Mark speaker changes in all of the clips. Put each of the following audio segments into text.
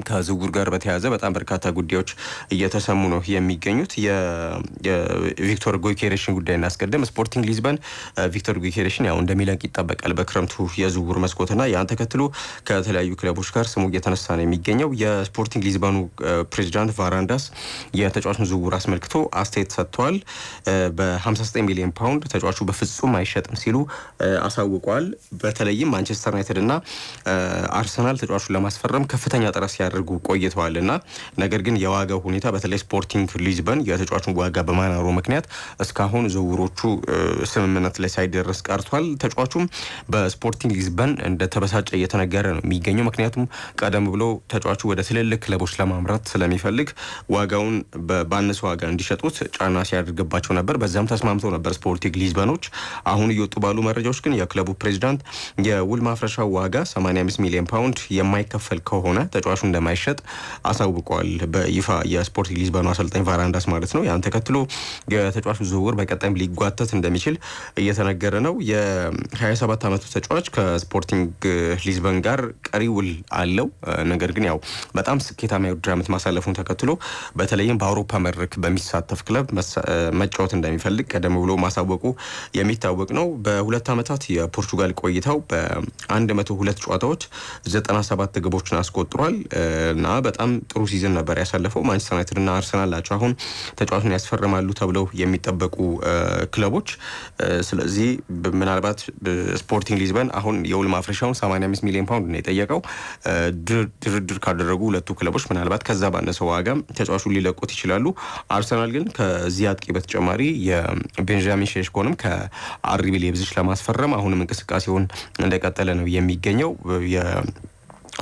Speaker 1: በተለይም ከዝውውር ጋር በተያያዘ በጣም በርካታ ጉዳዮች እየተሰሙ ነው የሚገኙት። የቪክቶር ጎይኬሬሽን ጉዳይ እናስቀድም። ስፖርቲንግ ሊዝበን ቪክቶር ጎይኬሬሽን ያው እንደ ይጠበቃል በክረምቱ የዝውውር መስኮትና ያን ተከትሎ ከተለያዩ ክለቦች ጋር ስሙ እየተነሳ ነው የሚገኘው። የስፖርቲንግ ሊዝበኑ ፕሬዚዳንት ቫራንዳስ የተጫዋቹን ዝውውር አስመልክቶ አስተያየት ሰጥተዋል። በ59 ሚሊዮን ፓውንድ ተጫዋቹ በፍጹም አይሸጥም ሲሉ አሳውቀዋል። በተለይም ማንቸስተር ዩናይትድና አርሰናል ተጫዋቹን ለማስፈረም ከፍተኛ ጥረት ሲያ ሲያደርጉ ቆይተዋል ና ነገር ግን የዋጋው ሁኔታ በተለይ ስፖርቲንግ ሊዝበን የተጫዋቹን ዋጋ በማናሩ ምክንያት እስካሁን ዝውውሮቹ ስምምነት ላይ ሳይደረስ ቀርቷል። ተጫዋቹም በስፖርቲንግ ሊዝበን ተበሳጨ እየተነገረ ነው የሚገኘው። ምክንያቱም ቀደም ብሎ ተጫዋቹ ወደ ትልልቅ ክለቦች ለማምራት ስለሚፈልግ ዋጋውን በአነሰ ዋጋ እንዲሸጡት ጫና ሲያደርግባቸው ነበር። በዛም ተስማምተው ነበር ስፖርቲንግ ሊዝበኖች። አሁን እየወጡ ባሉ መረጃዎች ግን የክለቡ ፕሬዚዳንት የውል ማፍረሻው ዋጋ 85 ሚሊዮን ፓውንድ የማይከፈል ከሆነ ተጫዋቹ እንደማይሸጥ አሳውቋል። በይፋ የስፖርት ሊዝበኑ አሰልጣኝ ቫራንዳስ ማለት ነው። ያን ተከትሎ የተጫዋቹ ዝውውር በቀጣይም ሊጓተት እንደሚችል እየተነገረ ነው። የ27 ዓመቱ ተጫዋች ከስፖርቲንግ ሊዝበን ጋር ቀሪ ውል አለው። ነገር ግን ያው በጣም ስኬታማ የውድድር ዓመት ማሳለፉን ተከትሎ በተለይም በአውሮፓ መድረክ በሚሳተፍ ክለብ መጫወት እንደሚፈልግ ቀደም ብሎ ማሳወቁ የሚታወቅ ነው። በሁለት ዓመታት የፖርቹጋል ቆይታው በ102 ጨዋታዎች 97 ግቦችን አስቆጥሯል። እና በጣም ጥሩ ሲዝን ነበር ያሳለፈው። ማንቸስተር ዩናይትድ እና አርሰናል ናቸው አሁን ተጫዋቹን ያስፈርማሉ ተብለው የሚጠበቁ ክለቦች። ስለዚህ ምናልባት ስፖርቲንግ ሊዝበን አሁን የውል ማፍረሻውን 85 ሚሊዮን ፓውንድ ነው የጠየቀው። ድርድር ካደረጉ ሁለቱ ክለቦች ምናልባት ከዛ ባነሰው ዋጋ ተጫዋቹን ሊለቁት ይችላሉ። አርሰናል ግን ከዚህ አጥቂ በተጨማሪ የቤንጃሚን ሼሽኮንም ከአርቢ ሌብዚች ለማስፈረም አሁንም እንቅስቃሴውን እንደቀጠለ ነው የሚገኘው።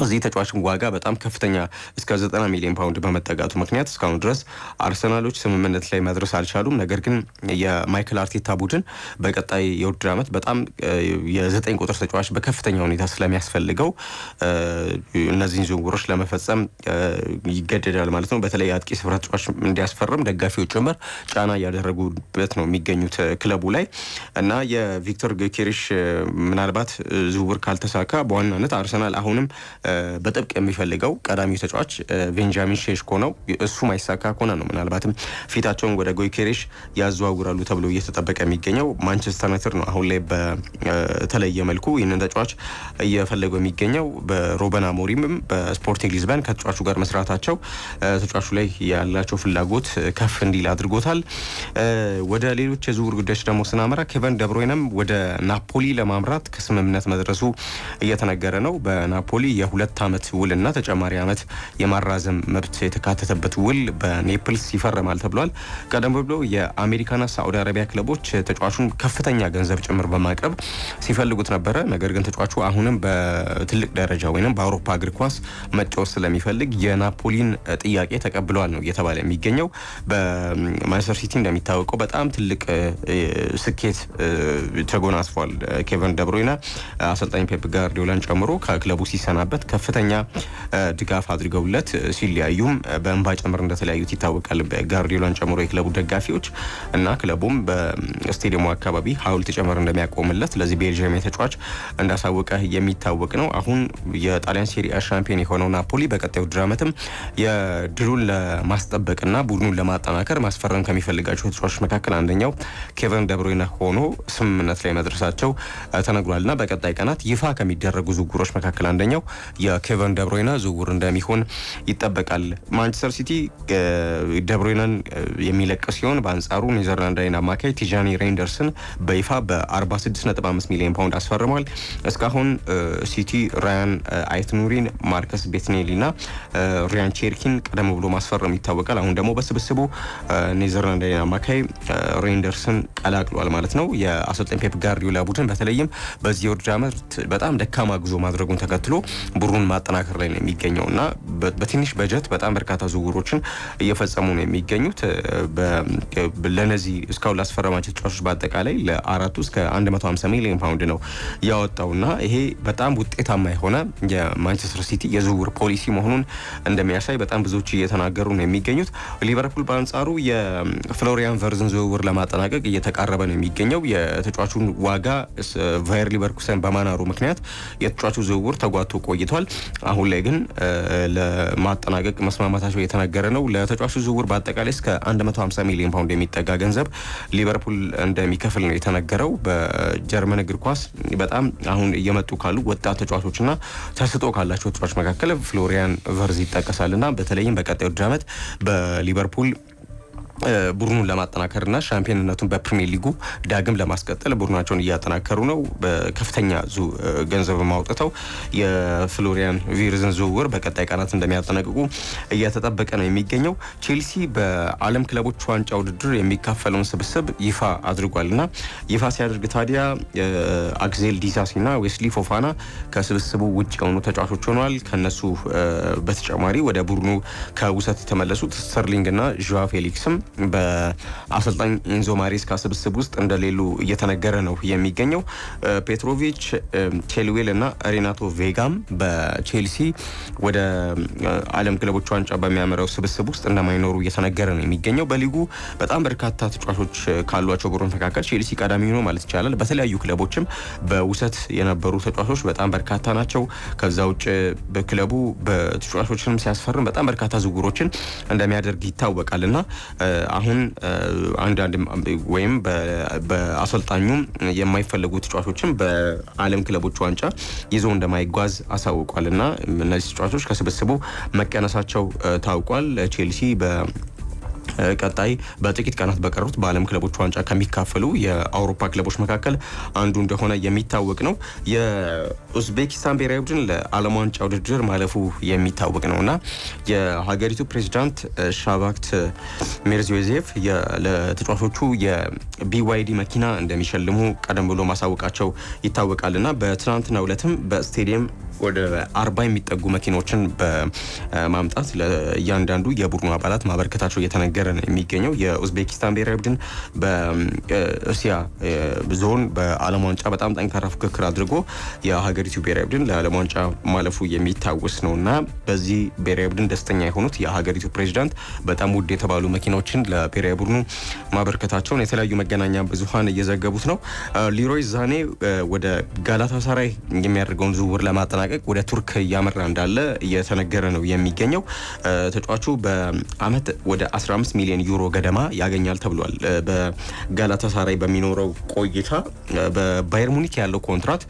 Speaker 1: እዚህ ተጫዋችም ዋጋ በጣም ከፍተኛ እስከ 90 ሚሊዮን ፓውንድ በመጠጋቱ ምክንያት እስካሁን ድረስ አርሰናሎች ስምምነት ላይ መድረስ አልቻሉም። ነገር ግን የማይክል አርቴታ ቡድን በቀጣይ የውድድር ዓመት በጣም የዘጠኝ ቁጥር ተጫዋች በከፍተኛ ሁኔታ ስለሚያስፈልገው እነዚህን ዝውውሮች ለመፈጸም ይገደዳል ማለት ነው። በተለይ አጥቂ ስፍራ ተጫዋች እንዲያስፈርም ደጋፊዎች ጭምር ጫና እያደረጉበት ነው የሚገኙት ክለቡ ላይ እና የቪክቶር ጊኬሪሽ ምናልባት ዝውውር ካልተሳካ በዋናነት አርሰናል አሁንም በጥብቅ የሚፈልገው ቀዳሚው ተጫዋች ቤንጃሚን ሼሽኮ ነው። እሱ ማይሳካ ከሆነ ነው ምናልባትም ፊታቸውን ወደ ጎይኬሬሽ ያዘዋውራሉ ተብሎ እየተጠበቀ የሚገኘው ማንቸስተር ዩናይትድ ነው። አሁን ላይ በተለየ መልኩ ይህንን ተጫዋች እየፈለገው የሚገኘው በሮበን አሞሪምም በስፖርቲንግ ሊዝበን ከተጫዋቹ ጋር መስራታቸው ተጫዋቹ ላይ ያላቸው ፍላጎት ከፍ እንዲል አድርጎታል። ወደ ሌሎች የዝውውር ጉዳዮች ደግሞ ስናመራ ኬቨን ደብሮይነም ወደ ናፖሊ ለማምራት ከስምምነት መድረሱ እየተነገረ ነው። በናፖሊ የሁለት ዓመት ውልና ተጨማሪ ዓመት የማራዘም መብት የተካተተበት ውል በኔፕልስ ይፈረማል ተብሏል። ቀደም ብሎ የአሜሪካና ሳዑዲ አረቢያ ክለቦች ተጫዋቹን ከፍተኛ ገንዘብ ጭምር በማቅረብ ሲፈልጉት ነበረ። ነገር ግን ተጫዋቹ አሁንም በትልቅ ደረጃ ወይም በአውሮፓ እግር ኳስ መጫወት ስለሚፈልግ የናፖሊን ጥያቄ ተቀብለዋል ነው እየተባለ የሚገኘው። በማንቸስተር ሲቲ እንደሚታወቀው በጣም ትልቅ ስኬት ተጎናጽፏል። ኬቨን ደብሮይና አሰልጣኝ ፔፕ ጋርዲዮላን ጨምሮ ከክለቡ ሲሰናበት በመስጠት ከፍተኛ ድጋፍ አድርገውለት ሲለያዩም በእንባ ጭምር እንደተለያዩት ይታወቃል። ጋርዲዮላን ጨምሮ የክለቡ ደጋፊዎች እና ክለቡም በስቴዲየሙ አካባቢ ሐውልት ጭምር እንደሚያቆምለት ለዚህ ቤልጅየም ተጫዋች እንዳሳወቀ የሚታወቅ ነው። አሁን የጣሊያን ሴሪያ ሻምፒዮን የሆነው ናፖሊ በቀጣዩ ውድድር ዓመትም የድሉን ለማስጠበቅና ቡድኑን ለማጠናከር ማስፈረም ከሚፈልጋቸው ተጫዋቾች መካከል አንደኛው ኬቨን ደብሮይነ ሆኖ ስምምነት ላይ መድረሳቸው ተነግሯልና በቀጣይ ቀናት ይፋ ከሚደረጉ ዝውውሮች መካከል አንደኛው የኬቨን ደብሮይና ዝውውር እንደሚሆን ይጠበቃል። ማንቸስተር ሲቲ ደብሮይናን የሚለቅ ሲሆን በአንጻሩ ኔዘርላንዳዊ አማካይ ቲጃኒ ሬንደርስን በይፋ በ46.5 ሚሊዮን ፓውንድ አስፈርሟል። እስካሁን ሲቲ ራያን አይትኑሪን፣ ማርከስ ና ሪያን ቼርኪን ቀደም ብሎ ማስፈረም ይታወቃል። አሁን ደግሞ በስብስቡ ኔዘርላንዳዊ አማካይ ሬንደርስን ቀላቅሏል ማለት ነው። የአሰልጣኝ ፔፕ ጋርዲዮላ ቡድን በተለይም በዚህ የውድድር ዓመት በጣም ደካማ ጉዞ ማድረጉን ተከትሎ ቡድኑን ማጠናከር ላይ ነው የሚገኘው እና በትንሽ በጀት በጣም በርካታ ዝውውሮችን እየፈጸሙ ነው የሚገኙት። ለነዚህ እስካሁን ላስፈረማቸው ተጫዋቾች በአጠቃላይ ለአራቱ እስከ 150 ሚሊዮን ፓውንድ ነው ያወጣው እና ይሄ በጣም ውጤታማ የሆነ የማንቸስተር ሲቲ የዝውውር ፖሊሲ መሆኑን እንደሚያሳይ በጣም ብዙዎች እየተናገሩ ነው የሚገኙት። ሊቨርፑል በአንጻሩ የፍሎሪያን ቨርዝን ዝውውር ለማጠናቀቅ እየተቃረበ ነው የሚገኘው። የተጫዋቹን ዋጋ ቫየር ሊቨርኩሰን በማናሩ ምክንያት የተጫዋቹ ዝውውር ተጓቶ ቆይ ቆይቷል። አሁን ላይ ግን ለማጠናቀቅ መስማማታቸው የተነገረ ነው። ለተጫዋቹ ዝውውር በአጠቃላይ እስከ 150 ሚሊዮን ፓውንድ የሚጠጋ ገንዘብ ሊቨርፑል እንደሚከፍል ነው የተነገረው። በጀርመን እግር ኳስ በጣም አሁን እየመጡ ካሉ ወጣት ተጫዋቾችና ተስጦ ካላቸው ተጫዋች መካከል ፍሎሪያን ቨርዝ ይጠቀሳልና በተለይም በቀጣዩ ዓመት በሊቨርፑል ቡድኑን ለማጠናከርና ሻምፒዮንነቱን በፕሪሚየር ሊጉ ዳግም ለማስቀጠል ቡድናቸውን እያጠናከሩ ነው። በከፍተኛ ገንዘብ ማውጥተው የፍሎሪያን ቪርዝን ዝውውር በቀጣይ ቀናት እንደሚያጠናቅቁ እየተጠበቀ ነው የሚገኘው። ቼልሲ በዓለም ክለቦች ዋንጫ ውድድር የሚካፈለውን ስብስብ ይፋ አድርጓልና ይፋ ሲያደርግ ታዲያ አክዜል ዲሳሲና ዌስሊ ፎፋና ከስብስቡ ውጭ የሆኑ ተጫዋቾች ሆኗል። ከነሱ በተጨማሪ ወደ ቡድኑ ከውሰት የተመለሱት ስተርሊንግና ዣ ፌሊክስም በአሰልጣኝ ኢንዞ ማሪስካ ስብስብ ውስጥ እንደሌሉ እየተነገረ ነው የሚገኘው። ፔትሮቪች፣ ቼልዌል እና ሬናቶ ቬጋም በቼልሲ ወደ ዓለም ክለቦች ዋንጫ በሚያመራው ስብስብ ውስጥ እንደማይኖሩ እየተነገረ ነው የሚገኘው። በሊጉ በጣም በርካታ ተጫዋቾች ካሏቸው ቡድኖች መካከል ቼልሲ ቀዳሚ ነው ማለት ይቻላል። በተለያዩ ክለቦችም በውሰት የነበሩ ተጫዋቾች በጣም በርካታ ናቸው። ከዛ ውጭ በክለቡ በተጫዋቾችንም ሲያስፈርም በጣም በርካታ ዝውውሮችን እንደሚያደርግ ይታወቃል እና አሁን አንዳንድ ወይም በአሰልጣኙ የማይፈለጉ ተጫዋቾችን በዓለም ክለቦች ዋንጫ ይዞ እንደማይጓዝ አሳውቋል እና እነዚህ ተጫዋቾች ከስብስቡ መቀነሳቸው ታውቋል። ቼልሲ በ ቀጣይ በጥቂት ቀናት በቀሩት በዓለም ክለቦች ዋንጫ ከሚካፈሉ የአውሮፓ ክለቦች መካከል አንዱ እንደሆነ የሚታወቅ ነው። የኡዝቤኪስታን ብሔራዊ ቡድን ለዓለም ዋንጫ ውድድር ማለፉ የሚታወቅ ነው እና የሀገሪቱ ፕሬዚዳንት ሻባክት ሜርዚዮዜቭ ለተጫዋቾቹ የቢዋይዲ መኪና እንደሚሸልሙ ቀደም ብሎ ማሳወቃቸው ይታወቃል እና በትናንትናው ዕለትም በስቴዲየም ወደ አርባ የሚጠጉ መኪኖችን በማምጣት ለእያንዳንዱ የቡድኑ አባላት ማበርከታቸው እየተነገረ ነው የሚገኘው። የኡዝቤኪስታን ብሔራዊ ቡድን በእስያ ዞን በዓለም ዋንጫ በጣም ጠንካራ ፉክክር አድርጎ የሀገሪቱ ብሔራዊ ቡድን ለዓለም ዋንጫ ማለፉ የሚታወስ ነው እና በዚህ ብሔራዊ ቡድን ደስተኛ የሆኑት የሀገሪቱ ፕሬዚዳንት በጣም ውድ የተባሉ መኪኖችን ለብሔራዊ ቡድኑ ማበርከታቸውን የተለያዩ መገናኛ ብዙሀን እየዘገቡት ነው። ሊሮይ ዛኔ ወደ ጋላታሳራይ የሚያደርገውን ዝውውር ለማጠናቀ ለማጠናቀቅ ወደ ቱርክ እያመራ እንዳለ እየተነገረ ነው የሚገኘው። ተጫዋቹ በአመት ወደ 15 ሚሊዮን ዩሮ ገደማ ያገኛል ተብሏል። በጋላታሳራይ በሚኖረው ቆይታ በባየር ሙኒክ ያለው ኮንትራት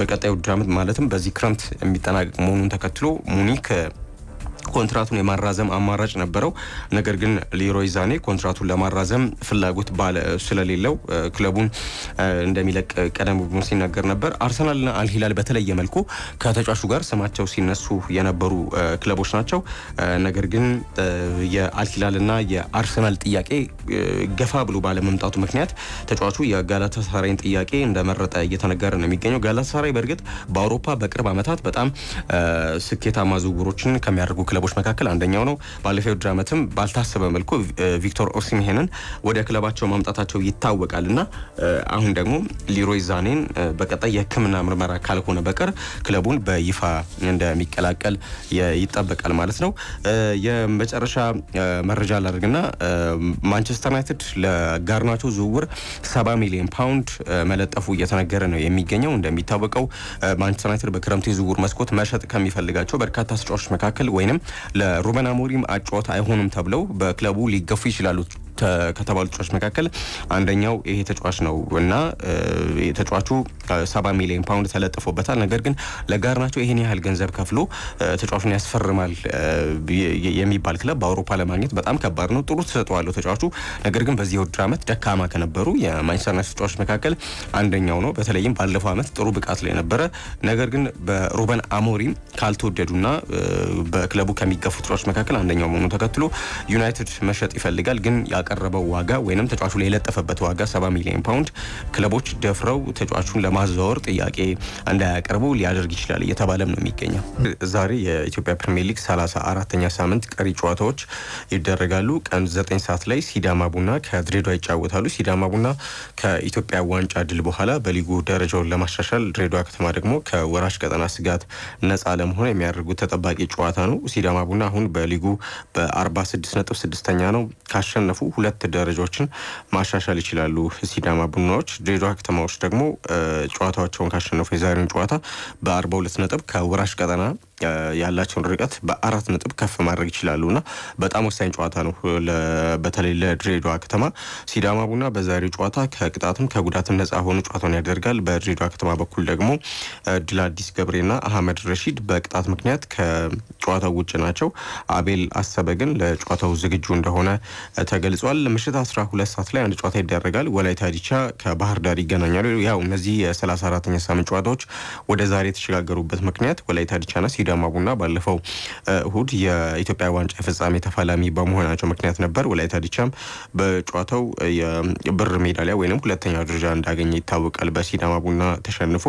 Speaker 1: በቀጣዩ ውድድር አመት ማለትም በዚህ ክረምት የሚጠናቀቅ መሆኑን ተከትሎ ሙኒክ ኮንትራቱን የማራዘም አማራጭ ነበረው። ነገር ግን ሊሮይ ዛኔ ኮንትራቱን ለማራዘም ፍላጎት ባለ ስለሌለው ክለቡን እንደሚለቅ ቀደም ብሎ ሲናገር ነበር። አርሰናልና አልሂላል በተለየ መልኩ ከተጫዋቹ ጋር ስማቸው ሲነሱ የነበሩ ክለቦች ናቸው። ነገር ግን የአልሂላልና የአርሰናል ጥያቄ ገፋ ብሎ ባለመምጣቱ ምክንያት ተጫዋቹ የጋላታ ጥያቄ እንደመረጠ እየተነገረ ነው የሚገኘው። ጋላታ በእርግጥ በአውሮፓ በቅርብ ዓመታት በጣም ስኬታማ ዝውውሮችን ከሚያደርጉ ክለቦች መካከል አንደኛው ነው። ባለፈው ውድድር ዓመትም ባልታሰበ መልኩ ቪክቶር ኦሲምሄንን ወደ ክለባቸው ማምጣታቸው ይታወቃል እና አሁን ደግሞ ሊሮይ ዛኔን በቀጣይ የሕክምና ምርመራ ካልሆነ በቀር ክለቡን በይፋ እንደሚቀላቀል ይጠበቃል ማለት ነው። የመጨረሻ መረጃ ላደርግና ማንቸስተር ማንቸስተር ዩናይትድ ለጋርናቾ ዝውውር 70 ሚሊዮን ፓውንድ መለጠፉ እየተነገረ ነው የሚገኘው። እንደሚታወቀው ማንቸስተር ዩናይትድ በክረምቱ የዝውውር መስኮት መሸጥ ከሚፈልጋቸው በርካታ ተጫዋቾች መካከል ወይንም ለሩበን አሞሪም አጫዋች አይሆኑም ተብለው በክለቡ ሊገፉ ይችላሉ ከተባሉ ተጫዋች መካከል አንደኛው ይሄ ተጫዋች ነው እና ተጫዋቹ ሰባ ሚሊዮን ፓውንድ ተለጥፎበታል። ነገር ግን ለጋርናቸው ይህን ያህል ገንዘብ ከፍሎ ተጫዋቹን ያስፈርማል የሚባል ክለብ በአውሮፓ ለማግኘት በጣም ከባድ ነው። ጥሩ ተሰጥቷለሁ ተጫዋቹ ነገር ግን በዚህ ውድድር ዓመት ደካማ ከነበሩ የማንቸስተር ዩናይትድ ተጫዋች መካከል አንደኛው ነው። በተለይም ባለፈው ዓመት ጥሩ ብቃት ላይ ነበረ። ነገር ግን በሩበን አሞሪም ካልተወደዱና በክለቡ ከሚገፉ ተጫዋች መካከል አንደኛው መሆኑ ተከትሎ ዩናይትድ መሸጥ ይፈልጋል ግን ያቀረበው ዋጋ ወይም ተጫዋቹ ላይ የለጠፈበት ዋጋ 70 ሚሊዮን ፓውንድ ክለቦች ደፍረው ተጫዋቹን ለማዘዋወር ጥያቄ እንዳያቀርቡ ሊያደርግ ይችላል እየተባለም ነው የሚገኘው። ዛሬ የኢትዮጵያ ፕሪሚየር ሊግ 34ተኛ ሳምንት ቀሪ ጨዋታዎች ይደረጋሉ። ቀን 9 ሰዓት ላይ ሲዳማ ቡና ከድሬዳዋ ይጫወታሉ። ሲዳማ ቡና ከኢትዮጵያ ዋንጫ ድል በኋላ በሊጉ ደረጃውን ለማሻሻል ድሬዳዋ ከተማ ደግሞ ከወራጅ ቀጠና ስጋት ነጻ ለመሆን የሚያደርጉት ተጠባቂ ጨዋታ ነው። ሲዳማ ቡና አሁን በሊጉ በ46 ነጥብ ስድስተኛ ነው። ካሸነፉ ሁለት ደረጃዎችን ማሻሻል ይችላሉ ሲዳማ ቡናዎች። ድሬዳዋ ከተማዎች ደግሞ ጨዋታቸውን ካሸነፉ የዛሬውን ጨዋታ በአርባ ሁለት ነጥብ ከወራሽ ቀጠና ያላቸውን ርቀት በአራት ነጥብ ከፍ ማድረግ ይችላሉ እና በጣም ወሳኝ ጨዋታ ነው። በተለይ ለድሬዳዋ ከተማ ሲዳማ ቡና በዛሬው ጨዋታ ከቅጣትም ከጉዳትም ነጻ ሆኑ ጨዋታውን ያደርጋል። በድሬዳዋ ከተማ በኩል ደግሞ ድል አዲስ ገብሬና አህመድ ረሺድ በቅጣት ምክንያት ከጨዋታው ውጭ ናቸው። አቤል አሰበ ግን ለጨዋታው ዝግጁ እንደሆነ ተገልጿል። ምሽት ሁለት ሰዓት ላይ አንድ ጨዋታ ይደረጋል። ወላይታ ዲቻ ከባህር ዳር ይገናኛሉ። ያው እነዚህ የ34ኛ ሳምንት ጨዋታዎች ወደ ዛሬ የተሸጋገሩበት ምክንያት ወላይታ ዲቻና ሲዳ ሲዳማ ቡና ባለፈው እሁድ የኢትዮጵያ ዋንጫ ፍጻሜ ተፋላሚ በመሆናቸው ምክንያት ነበር። ወላይታ ዲቻም በጨዋታው የብር ሜዳሊያ ወይም ሁለተኛ ደረጃ እንዳገኘ ይታወቃል። በሲዳማ ቡና ተሸንፎ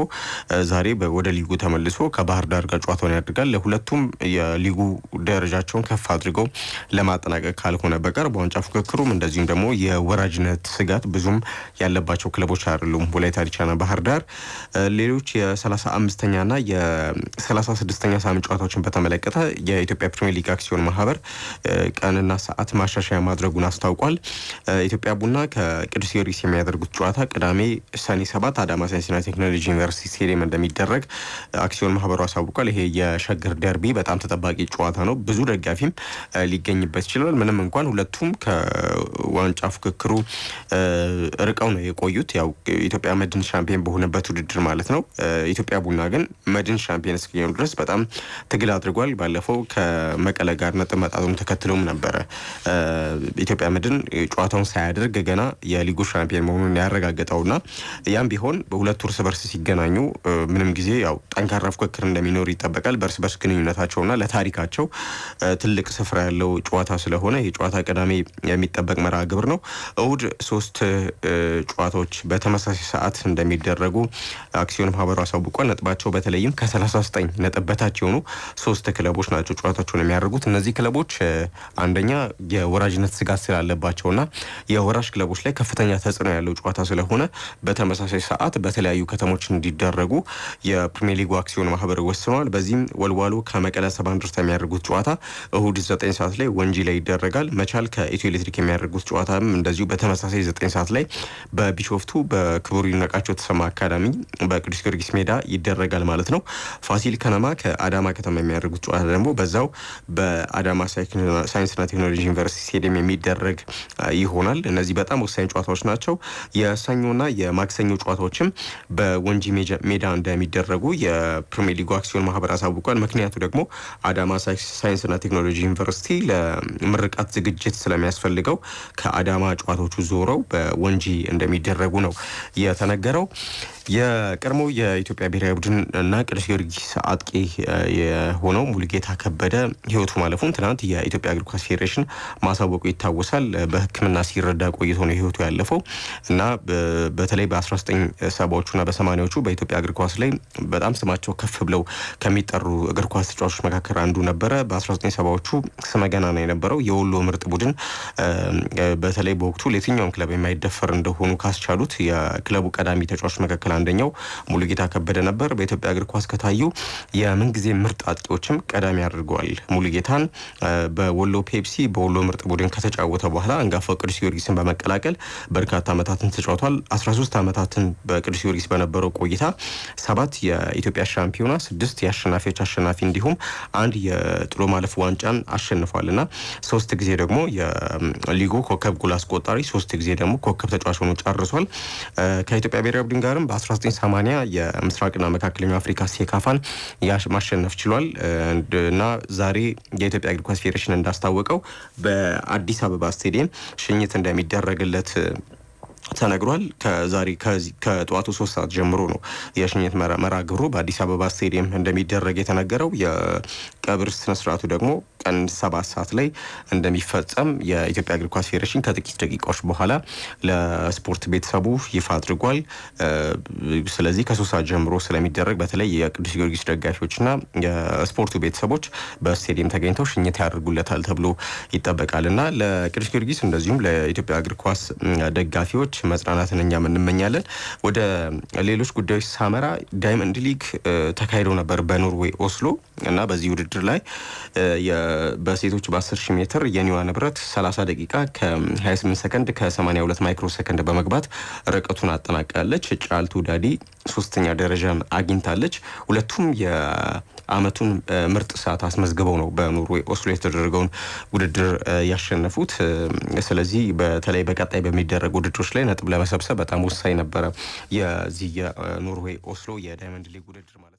Speaker 1: ዛሬ ወደ ሊጉ ተመልሶ ከባህር ዳር ጋር ጨዋታውን ያደርጋል። ለሁለቱም የሊጉ ደረጃቸውን ከፍ አድርገው ለማጠናቀቅ ካልሆነ በቀር በዋንጫ ፉክክሩም እንደዚሁም ደግሞ የወራጅነት ስጋት ብዙም ያለባቸው ክለቦች አይደሉም። ወላይታ ዲቻና ባህር ዳር ሌሎች የ35ኛና የ ሳምንት ጨዋታዎችን በተመለከተ የኢትዮጵያ ፕሪሚየር ሊግ አክሲዮን ማህበር ቀንና ሰዓት ማሻሻያ ማድረጉን አስታውቋል። ኢትዮጵያ ቡና ከቅዱስ ጊዮርጊስ የሚያደርጉት ጨዋታ ቅዳሜ ሰኔ ሰባት አዳማ ሳይንስና ቴክኖሎጂ ዩኒቨርሲቲ ስቴዲየም እንደሚደረግ አክሲዮን ማህበሩ አሳውቋል። ይሄ የሸገር ደርቢ በጣም ተጠባቂ ጨዋታ ነው። ብዙ ደጋፊም ሊገኝበት ይችላል። ምንም እንኳን ሁለቱም ከዋንጫ ፉክክሩ ርቀው ነው የቆዩት። ያው ኢትዮጵያ መድን ሻምፒዮን በሆነበት ውድድር ማለት ነው። ኢትዮጵያ ቡና ግን መድን ሻምፒዮን እስኪሆኑ ድረስ በጣም ትግል አድርጓል። ባለፈው ከመቀለ ጋር ነጥብ መጣቱም ተከትሎም ነበረ ኢትዮጵያ መድን ጨዋታውን ሳያደርግ ገና የሊጉ ሻምፒዮን መሆኑን ያረጋገጠውና ያም ቢሆን በሁለቱ እርስ በርስ ሲገናኙ ምንም ጊዜ ያው ጠንካራ ፉክክር እንደሚኖር ይጠበቃል። በእርስ በርስ ግንኙነታቸውና ለታሪካቸው ትልቅ ስፍራ ያለው ጨዋታ ስለሆነ ይህ ጨዋታ ቅዳሜ የሚጠበቅ መርሃ ግብር ነው። እሁድ ሶስት ጨዋታዎች በተመሳሳይ ሰዓት እንደሚደረጉ አክሲዮን ማህበሩ አሳውቋል። ነጥባቸው በተለይም ከ39 ነጥብ በታች ሲሆኑ ሶስት ክለቦች ናቸው ጨዋታቸውን የሚያደርጉት። እነዚህ ክለቦች አንደኛ የወራጅነት ስጋት ስላለባቸውና የወራሽ ክለቦች ላይ ከፍተኛ ተጽዕኖ ያለው ጨዋታ ስለሆነ በተመሳሳይ ሰዓት በተለያዩ ከተሞች እንዲደረጉ የፕሪሚየር ሊጉ አክሲዮን ማህበር ወስነዋል። በዚህም ወልዋሎ ከመቀለ ሰባ እንደርታ የሚያደርጉት ጨዋታ እሁድ ዘጠኝ ሰዓት ላይ ወንጂ ላይ ይደረጋል። መቻል ከኢትዮ ኤሌክትሪክ የሚያደርጉት ጨዋታም እንደዚሁ በተመሳሳይ ዘጠኝ ሰዓት ላይ በቢሾፍቱ በክቡር ይነቃቸው ተሰማ አካዳሚ በቅዱስ ጊዮርጊስ ሜዳ ይደረጋል ማለት ነው። ፋሲል ከነማ ከአ በአዳማ ከተማ የሚያደርጉት ጨዋታ ደግሞ በዛው በአዳማ ሳይንስና ቴክኖሎጂ ዩኒቨርሲቲ ስቴዲየም የሚደረግ ይሆናል። እነዚህ በጣም ወሳኝ ጨዋታዎች ናቸው። የሰኞና የማክሰኞ ጨዋታዎችም በወንጂ ሜዳ እንደሚደረጉ የፕሪሚየር ሊጉ አክሲዮን ማህበር አሳውቋል። ምክንያቱ ደግሞ አዳማ ሳይንስና ቴክኖሎጂ ዩኒቨርሲቲ ለምርቃት ዝግጅት ስለሚያስፈልገው ከአዳማ ጨዋታዎቹ ዞረው በወንጂ እንደሚደረጉ ነው የተነገረው። የቀድሞ የኢትዮጵያ ብሔራዊ ቡድን እና ቅዱስ ጊዮርጊስ አጥቂ የሆነው ሙሉጌታ ከበደ ህይወቱ ማለፉን ትናንት የኢትዮጵያ እግር ኳስ ፌዴሬሽን ማሳወቁ ይታወሳል። በሕክምና ሲረዳ ቆይቶ ነው ህይወቱ ያለፈው እና በተለይ በ ሰባዎቹ ዎቹና በሰማኒያዎቹ በኢትዮጵያ እግር ኳስ ላይ በጣም ስማቸው ከፍ ብለው ከሚጠሩ እግር ኳስ ተጫዋቾች መካከል አንዱ ነበረ። ሰባዎቹ ዎቹ ስመገናና የነበረው የወሎ ምርጥ ቡድን በተለይ በወቅቱ ለየትኛውም ክለብ የማይደፈር እንደሆኑ ካስቻሉት የክለቡ ቀዳሚ ተጫዋቾች መካከል መካከል አንደኛው ሙሉጌታ ከበደ ነበር። በኢትዮጵያ እግር ኳስ ከታዩ የምንጊዜ ምርጥ አጥቂዎችም ቀዳሚ አድርገዋል። ሙሉጌታን በወሎ ፔፕሲ በወሎ ምርጥ ቡድን ከተጫወተ በኋላ አንጋፋው ቅዱስ ጊዮርጊስን በመቀላቀል በርካታ ዓመታትን ተጫውቷል። 13 ዓመታትን በቅዱስ ጊዮርጊስ በነበረው ቆይታ ሰባት የኢትዮጵያ ሻምፒዮና፣ ስድስት የአሸናፊዎች አሸናፊ እንዲሁም አንድ የጥሎ ማለፍ ዋንጫን አሸንፏልና ሶስት ጊዜ ደግሞ የሊጉ ኮከብ ጎል አስቆጣሪ፣ ሶስት ጊዜ ደግሞ ኮከብ ተጫዋች ሆኖ ጨርሷል። ከኢትዮጵያ ብሔራዊ ቡድን ጋርም በ በ1980 የምስራቅና መካከለኛው አፍሪካ ሴካፋን ማሸነፍ ችሏል እና ዛሬ የኢትዮጵያ እግር ኳስ ፌዴሬሽን እንዳስታወቀው በአዲስ አበባ ስቴዲየም ሽኝት እንደሚደረግለት ተነግሯል። ከዛሬ ከጠዋቱ ሶስት ሰዓት ጀምሮ ነው የሽኝት መርሃ ግብሩ በአዲስ አበባ ስቴዲየም እንደሚደረግ የተነገረው። የቀብር ስነስርዓቱ ደግሞ ቀን ሰባት ሰዓት ላይ እንደሚፈጸም የኢትዮጵያ እግር ኳስ ፌዴሬሽን ከጥቂት ደቂቃዎች በኋላ ለስፖርት ቤተሰቡ ይፋ አድርጓል። ስለዚህ ከሶስት ሰዓት ጀምሮ ስለሚደረግ በተለይ የቅዱስ ጊዮርጊስ ደጋፊዎችና የስፖርቱ ቤተሰቦች በስቴዲየም ተገኝተው ሽኝት ያደርጉለታል ተብሎ ይጠበቃል እና ለቅዱስ ጊዮርጊስ እንደዚሁም ለኢትዮጵያ እግር ኳስ ደጋፊዎች ተጫዋቾችን መጽናናትን እኛም እንመኛለን። ወደ ሌሎች ጉዳዮች ሳመራ ዳይመንድ ሊግ ተካሂዶ ነበር በኖርዌይ ኦስሎ እና በዚህ ውድድር ላይ በሴቶች በ10 ሺህ ሜትር የኒዋ ንብረት 30 ደቂቃ ከ28 ሰከንድ ከ82 ማይክሮ ሰከንድ በመግባት ርቀቱን አጠናቃለች። ጫልቱ ዳዲ ሶስተኛ ደረጃን አግኝታለች። ሁለቱም አመቱን ምርጥ ሰዓት አስመዝግበው ነው በኖርዌይ ኦስሎ የተደረገውን ውድድር ያሸነፉት። ስለዚህ በተለይ በቀጣይ በሚደረጉ ውድድሮች ላይ ነጥብ ለመሰብሰብ በጣም ወሳኝ ነበረ የዚህ የኖርዌይ ኦስሎ የዳይመንድ ሊግ ውድድር ማለት